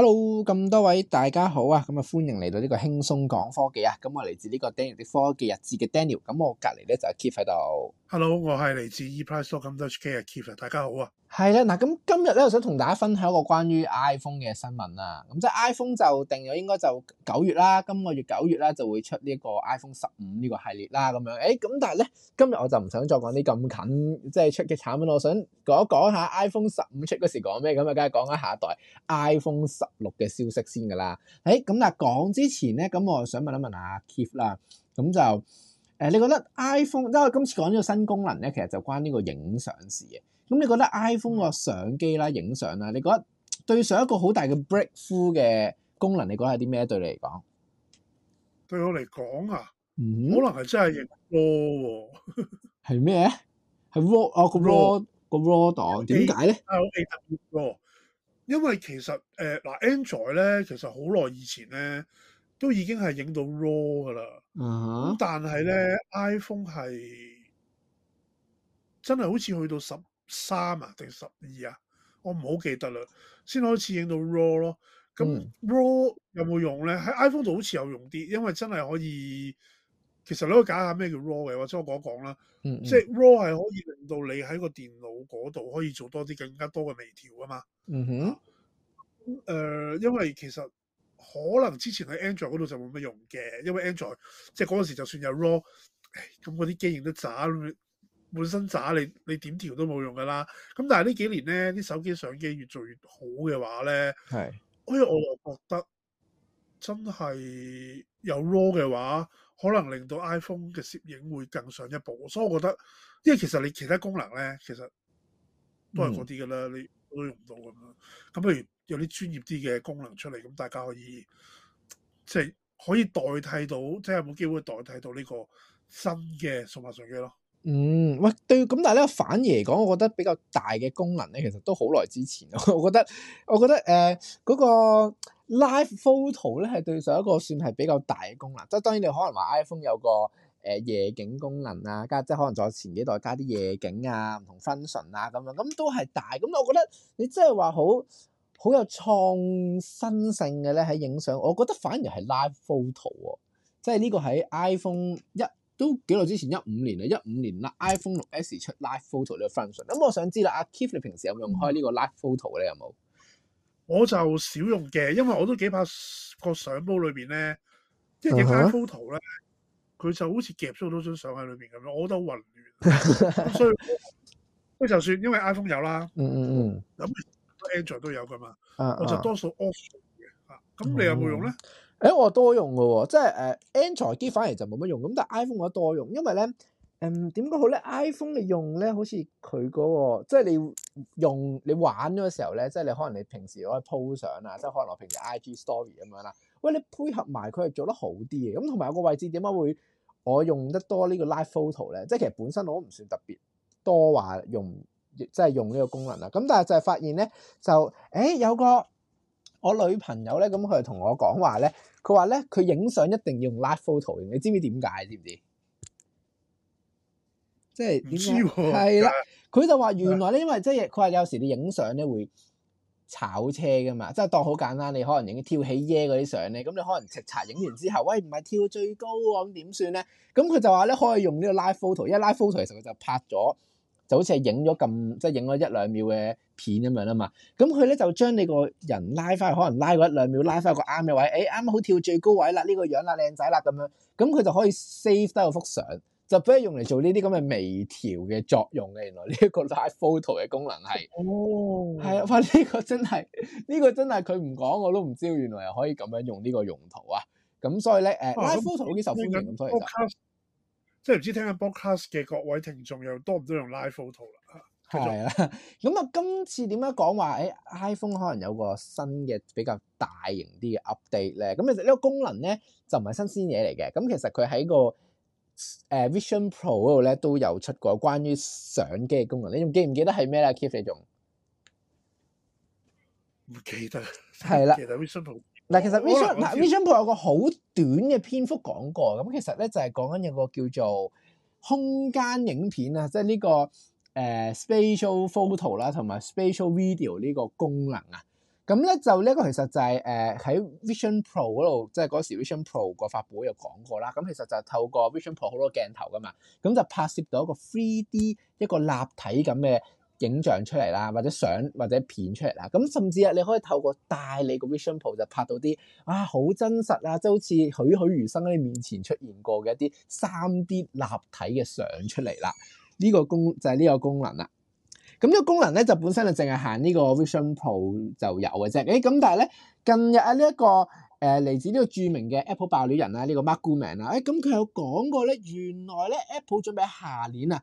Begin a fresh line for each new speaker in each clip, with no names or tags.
hello，咁多位大家好啊，咁啊歡迎嚟到呢個輕鬆講科技啊，咁我嚟自呢個 Daniel 的科技日誌嘅 Daniel，咁我隔籬咧就係 Keith 喺度，hello，
我係嚟自 ePrice 咁多出機嘅 Keith，大家好啊。
係啦，嗱咁今日咧，我想同大家分享一個關於 iPhone 嘅新聞啦。咁即係 iPhone 就定咗，應該就九月啦，今個月九月咧就會出呢一個 iPhone 十五呢個系列啦。咁樣，誒咁但係咧，今日我就唔想再講啲咁近，即係出嘅產品。我想講一講下 iPhone 十五出嗰時講咩，咁啊梗係講下一代 iPhone 十六嘅消息先噶啦。誒，咁但係講之前咧，咁我想問一問阿 Keith 啦，咁就誒你覺得 iPhone 因為今次講呢個新功能咧，其實就關呢個影相事嘅。咁你覺得 iPhone 個相機啦、影相啦，你覺得對上一個好大嘅 breakthrough 嘅功能，你覺得係啲咩對你嚟講？
對我嚟講啊，嗯、可能係真係影 raw 喎。
係 咩？係 raw 啊、oh, 個 raw, raw. 個 raw 檔點解
？raw 喎，因為其實誒嗱、呃、Android 咧，其實好耐以前咧都已經係影到 raw 噶啦。嗯咁、啊、哈但係咧、啊、iPhone 係真係好似去到十三啊定十二啊，我唔好記得啦。先開始影到 raw 咯，咁 raw 有冇用咧？喺 iPhone 度好似有用啲，因為真係可以。其實你可以解下咩叫 raw 嘅，或者我講一講啦。嗯嗯，即係 raw 係可以令到你喺個電腦嗰度可以做多啲更加多嘅微調啊嘛。嗯哼。誒、呃，因為其實可能之前喺 Android 度就冇乜用嘅，因為 Android 即係嗰陣時就算有 raw，咁嗰啲機型都渣本身渣，你你點調都冇用噶啦。咁但係呢幾年咧，啲手機相機越做越好嘅話咧，
係
的，所以我又覺得真係有 RAW 嘅話，可能令到 iPhone 嘅攝影會更上一步。所以我覺得，因為其實你其他功能咧，其實都係嗰啲噶啦，嗯、你都用唔到咁樣。咁不如有啲專業啲嘅功能出嚟，咁大家可以即係、即係、可以代替到，即係有冇機會代替到呢個新嘅數碼相機咯？
嗯，喂，對，咁但係咧，反而嚟講我覺得比較大嘅功能咧，其實都好耐之前咯。我覺得，我覺得，誒、呃、嗰、那個、Live Photo 咧，係對上一個算係比較大嘅功能。即係當然你可能話 iPhone 有個誒、呃、夜景功能啊，加即係可能再前幾代加啲夜景啊、唔同 function 啊咁樣，咁都係大。咁我覺得你即係話好，好有創新性嘅咧喺影相，我覺得反而係 Live Photo 喎、啊，即係呢個喺 iPhone 一。都幾耐之前，一五年啦。一五年 iPhone 六 S 出 Live Photo 呢個 function，咁、嗯、我想知啦，阿 Keith 你平時有冇用開呢個 Live Photo 咧？有冇？我就少用嘅，因為我都幾怕
個相簿裏邊咧，即係影 Live Photo 咧，佢、uh huh. 就好似夾咗好多張相喺裏邊咁咯。我覺得好混亂， 所以即就算因為 iPhone 有啦，
嗯嗯
嗯，咁 Android 都有噶嘛，uh huh. 我就多數 off 嘅嚇。咁你有冇用
咧？Uh huh. 誒、欸，我多用嘅，即係誒、uh,，Android 機反而就冇乜用咁，但係 iPhone 我多用，因為咧，嗯，點講好咧？iPhone 你用咧，好似佢嗰個，即係你用你玩咗嘅時候咧，即係你可能你平時可以 po 相啊，即係可能我平時 IG story 咁樣啦。喂，你配合埋佢係做得好啲嘅，咁同埋個位置點解會我用得多呢個 Live Photo 咧？即係其實本身我都唔算特別多話用，即係用呢個功能啦。咁但係就係發現咧，就誒、欸、有個。我女朋友咧，咁佢同我講話咧，佢話咧，佢影相一定要用 live photo，你知唔知點解？知唔知、啊？即係點？係啦，佢就話原來咧，的因為即係佢話有時你影相咧會炒車噶嘛，即係當好簡單，你可能影啲跳起嘢嗰啲相咧，咁你可能擦擦影完之後，喂唔係跳最高喎，咁點算咧？咁佢就話咧，可以用呢個 live photo，因為 live photo 其實佢就拍咗。就好似係影咗咁，即係影咗一兩秒嘅片咁樣吖嘛。咁佢咧就將你個人拉翻，可能拉過一兩秒，拉翻個啱嘅位，誒啱好跳最高位啦，呢個樣啦，靚仔啦咁樣。咁佢就可以 save 得個幅相，就俾佢用嚟做呢啲咁嘅微調嘅作用嘅。原來呢一個 live photo 嘅功能係，哦，係啊，哇！呢個真係，呢個真係佢唔講我都唔知，原來又可以咁樣用呢個用途啊。咁所以咧，誒，live photo 都幾受歡迎咁多嘅。即
係唔知聽下 broadcast 嘅各位聽眾又多唔多用 Live Photo
係啦，咁啊今次點樣講話？誒、欸、iPhone 可能有個新嘅比較大型啲嘅 update 咧。咁其實呢個功能咧就唔係新鮮嘢嚟嘅。咁其實佢喺個誒、呃、Vision Pro 度咧都有出過關於相機嘅功能。你仲記唔記得係咩啊？Keith 你仲唔記得？係啦。嗱，其實 Vision 嗱，Vision Pro 有個好短嘅篇幅講過，咁其實咧就係講緊有個叫做空間影片啊，即係呢個誒 Spatial Photo 啦，同埋 Spatial Video 呢個功能啊。咁咧就呢一個其實就係誒喺 Vision Pro 嗰度，即係嗰時 Vision Pro 個發布又有講過啦。咁其實就透過 Vision Pro 好多鏡頭噶嘛，咁就拍攝到一個 3D 一個立體咁嘅影像出嚟啦，或者相或者片出嚟啦，咁甚至啊你可以透過帶你個 Vision Pro 就拍到啲啊好真實啊，即係好似栩栩如生喺你面前出現過嘅一啲三 D 立體嘅相出嚟啦。呢、呢個功就係、係、呢個功能啦。咁呢個功能咧就本身就淨係行呢個 Vision Pro 就有嘅啫。誒、哎、咁但係咧近日喺呢一個誒嚟、呃、自呢個著名嘅 Apple 爆料人啦，呢、呢個 Mark Gurman 啦、哎，誒咁佢有講過咧，原來咧 Apple 準備喺下年啊。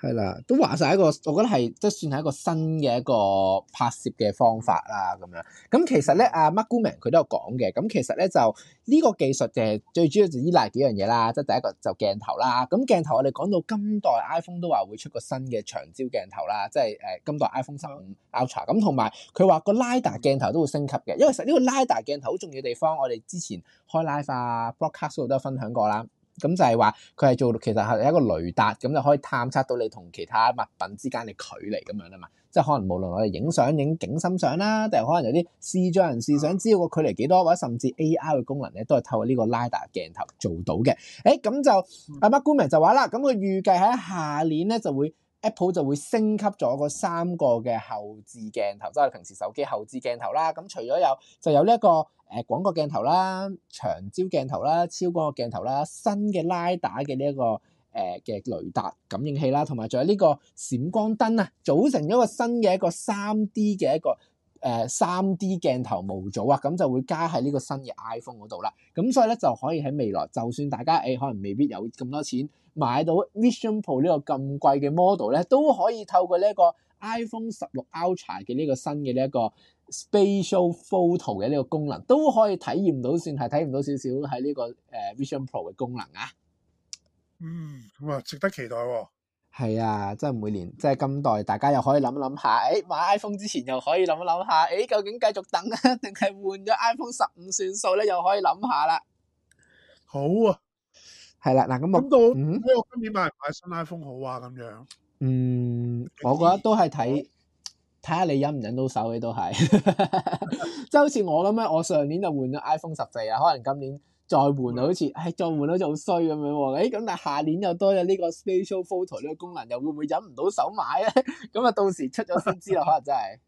係啦，都話晒一個，我覺得係即係算係一個新嘅一個拍攝嘅方法啦，咁樣。咁其實咧，阿 Mark Gurman 佢都有講嘅。咁其實咧就呢個技術就係、是、最主要就依賴幾樣嘢啦，即係第一個就鏡頭啦。咁鏡頭我哋講到今代 iPhone 都話會出個新嘅長焦鏡頭啦，即係誒今代 iPhone 15 Ultra。咁同埋佢話個 LiDAR 鏡頭都會升級嘅，因為其實呢個 LiDAR 鏡頭好重要嘅地方，我哋之前開 live 啊、broadcast 嗰度都有分享過啦。咁就係話佢係做到，其實係一個雷達，咁就可以探測到你同其他物品之間嘅距離咁樣啊嘛。即係可能無論我哋影相、影景深相啦，定係可能有啲視像人士想知道個距離幾多，或者甚至 AR 嘅功能咧，都係透過呢個 Lidar 鏡頭做到嘅。誒、欸，咁就、嗯、阿 Mark Gurman 就話啦，咁佢預計喺下年咧就會。Apple 就會升級咗個三個嘅後置鏡頭，即係平時手機後置鏡頭啦。咁除咗有，就有呢一個誒廣角鏡頭啦、長焦鏡頭啦、超廣角鏡頭啦、新嘅拉打嘅呢一個誒嘅、呃、雷達感應器啦，同埋仲有呢個閃光燈啊，組成咗個新嘅一個三 D 嘅一個。誒 3D 鏡頭模組啊，咁就會加喺呢個新嘅 iPhone 嗰度啦。咁所以咧就可以喺未來，就算大家誒可能未必有咁多錢買到 Vision Pro 呢個咁貴嘅 model 咧，都可以透過呢一個 iPhone 十六 Ultra 嘅呢個新嘅呢一個 Spatial Photo 嘅呢個功能，都可以體驗到算係體驗到少少喺呢個誒 Vision Pro 嘅功能啊。嗯，咁啊，值得期待喎。係啊，即係每年即係今代，大家又可以諗一諗下，誒、欸、買 iPhone 之前又可以諗一諗下，誒、欸、究竟繼續等啊，定係換咗 iPhone 十五算數咧？又可以諗下啦。好啊。係啦、啊，嗱咁諗我今年買唔買新 iPhone 好啊？咁樣。嗯，我覺得都係睇睇下你忍唔忍到手嘅都係，即係好似我咁樣，我上年就換咗 iPhone 十四啊，可能今年。再換好似，唉、哎，再換似好衰咁樣喎，誒、哎，咁但係下年又多咗呢、這個 special photo 呢個功能，又會唔會忍唔到手買咧？咁啊，到時出咗新可能真齋。